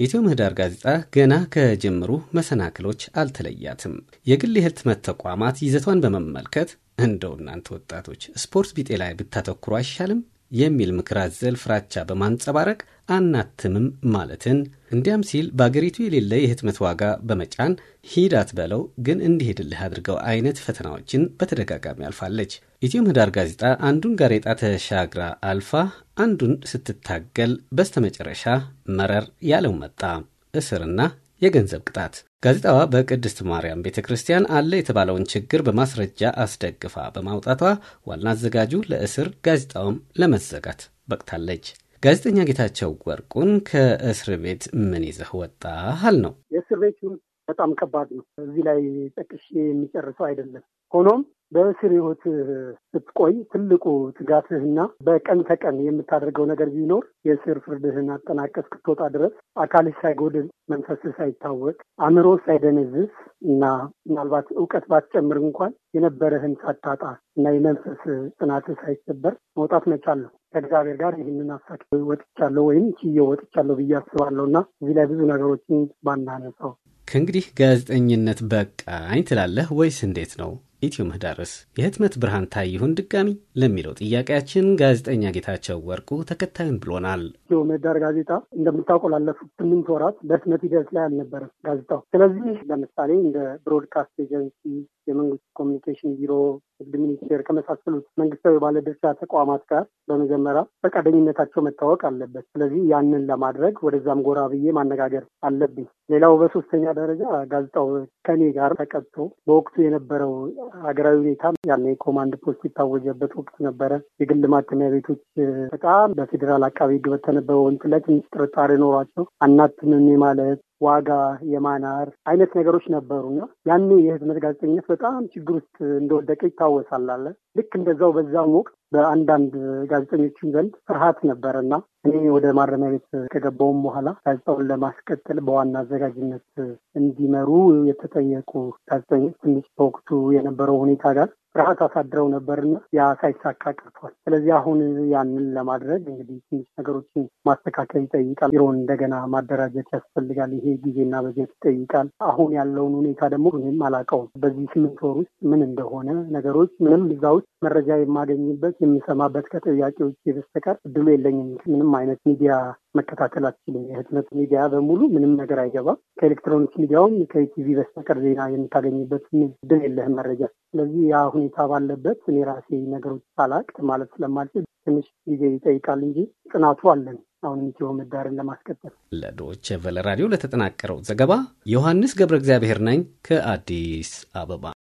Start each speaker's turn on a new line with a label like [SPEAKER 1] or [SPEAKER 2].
[SPEAKER 1] የኢትዮ ምህዳር ጋዜጣ ገና ከጀምሩ መሰናክሎች አልተለያትም። የግል የህትመት ተቋማት ይዘቷን በመመልከት እንደው እናንተ ወጣቶች ስፖርት ቢጤ ላይ ብታተኩሩ አይሻልም የሚል ምክር አዘል ፍራቻ በማንጸባረቅ አናትምም ማለትን እንዲያም ሲል በአገሪቱ የሌለ የህትመት ዋጋ በመጫን ሂዳት በለው ግን እንዲሄድልህ አድርገው አይነት ፈተናዎችን በተደጋጋሚ አልፋለች። ኢትዮ ምህዳር ጋዜጣ አንዱን ጋሬጣ ተሻግራ አልፋ አንዱን ስትታገል በስተመጨረሻ መረር ያለው መጣ፣ እስርና የገንዘብ ቅጣት። ጋዜጣዋ በቅድስት ማርያም ቤተ ክርስቲያን አለ የተባለውን ችግር በማስረጃ አስደግፋ በማውጣቷ ዋና አዘጋጁ ለእስር ጋዜጣውም ለመዘጋት በቅታለች። ጋዜጠኛ ጌታቸው ወርቁን ከእስር ቤት ምን ይዘህ ወጣህል ነው።
[SPEAKER 2] የእስር ቤቱ በጣም ከባድ ነው። እዚህ ላይ ጠቅሼ የሚጨርሰው አይደለም። ሆኖም በእስር ህይወት ስትቆይ ትልቁ ትጋትህና በቀን ተቀን የምታደርገው ነገር ቢኖር የእስር ፍርድህን አጠናቀስ እስክትወጣ ድረስ አካልህ ሳይጎድል፣ መንፈስህ ሳይታወቅ፣ አእምሮ ሳይደነዝዝ እና ምናልባት እውቀት ባትጨምር እንኳን የነበረህን ሳታጣ እና የመንፈስ ጽናትህ ሳይሰበር መውጣት መቻል ነው። ከእግዚአብሔር ጋር ይህንን አሳክ ወጥቻለሁ ወይም ችዬ ወጥቻለሁ ብዬ አስባለሁ እና እዚህ ላይ ብዙ ነገሮችን ባናነሳው
[SPEAKER 1] ከእንግዲህ ጋዜጠኝነት በቃኝ ትላለህ ወይስ እንዴት ነው? ኢትዮ ምህዳርስ የህትመት ብርሃን ታይ ይሁን ድጋሚ ለሚለው ጥያቄያችን ጋዜጠኛ ጌታቸው ወርቁ ተከታዩን ብሎናል።
[SPEAKER 2] ኢትዮ ምህዳር ጋዜጣ እንደምታውቀው ላለፉት ስምንት ወራት በህትመት ሂደት ላይ አልነበረም ጋዜጣው። ስለዚህ ለምሳሌ እንደ ብሮድካስት ኤጀንሲ፣ የመንግስት ኮሚኒኬሽን ቢሮ፣ ንግድ ሚኒስቴር ከመሳሰሉት መንግስታዊ ባለድርሻ ተቋማት ጋር በመጀመሪያ ፈቃደኝነታቸው መታወቅ አለበት። ስለዚህ ያንን ለማድረግ ወደዛም ጎራ ብዬ ማነጋገር አለብኝ። ሌላው በሶስተኛ ደረጃ ጋዜጣው ከኔ ጋር ተቀጥቶ በወቅቱ የነበረው ሀገራዊ ሁኔታ ያለ የኮማንድ ፖስት ይታወጀበት ወቅት ነበረ። የግል ማተሚያ ቤቶች በጣም በፌዴራል አቃቤ ሕግ በተነበበው ወንት ላይ ትንሽ ጥርጣሬ ኖሯቸው አናትምም ማለት ዋጋ የማናር አይነት ነገሮች ነበሩና ያኔ የህትመት ጋዜጠኝነት በጣም ችግር ውስጥ እንደወደቀ ይታወሳላለ ልክ እንደዛው በዛም ወቅት በአንዳንድ ጋዜጠኞችም ዘንድ ፍርሃት ነበረና እኔ ወደ ማረሚያ ቤት ከገባውም በኋላ ጋዜጣውን ለማስቀጠል በዋና አዘጋጅነት እንዲመሩ የተጠየቁ ጋዜጠኞች ትንሽ በወቅቱ የነበረው ሁኔታ ጋር ፍርሃት አሳድረው ነበርና ያ ሳይሳካ ቀርቷል። ስለዚህ አሁን ያንን ለማድረግ እንግዲህ ትንሽ ነገሮችን ማስተካከል ይጠይቃል። ቢሮን እንደገና ማደራጀት ያስፈልጋል። ይሄ ጊዜና በጀት ይጠይቃል። አሁን ያለውን ሁኔታ ደግሞ ምንም አላውቀውም። በዚህ ስምንት ወር ውስጥ ምን እንደሆነ ነገሮች ምንም እዛ ውስጥ መረጃ የማገኝበት የምሰማበት ከጥያቄዎች በስተቀር እድሉ የለኝም። ምንም አይነት ሚዲያ መከታተል አትችልም። የህትመት ሚዲያ በሙሉ ምንም ነገር አይገባም። ከኤሌክትሮኒክስ ሚዲያውም ከኢቲቪ በስተቀር ዜና የምታገኝበት ምድል የለህም መረጃ። ስለዚህ ያ ሁኔታ ባለበት እኔ ራሴ ነገሮች ሳላቅ ማለት ስለማልችል ትንሽ ጊዜ ይጠይቃል እንጂ ጥናቱ አለን። አሁንም ኢትዮ ምህዳርን ለማስቀጠል
[SPEAKER 1] ለዶች ቨለ ራዲዮ ለተጠናቀረው ዘገባ ዮሐንስ ገብረ እግዚአብሔር ነኝ ከአዲስ አበባ።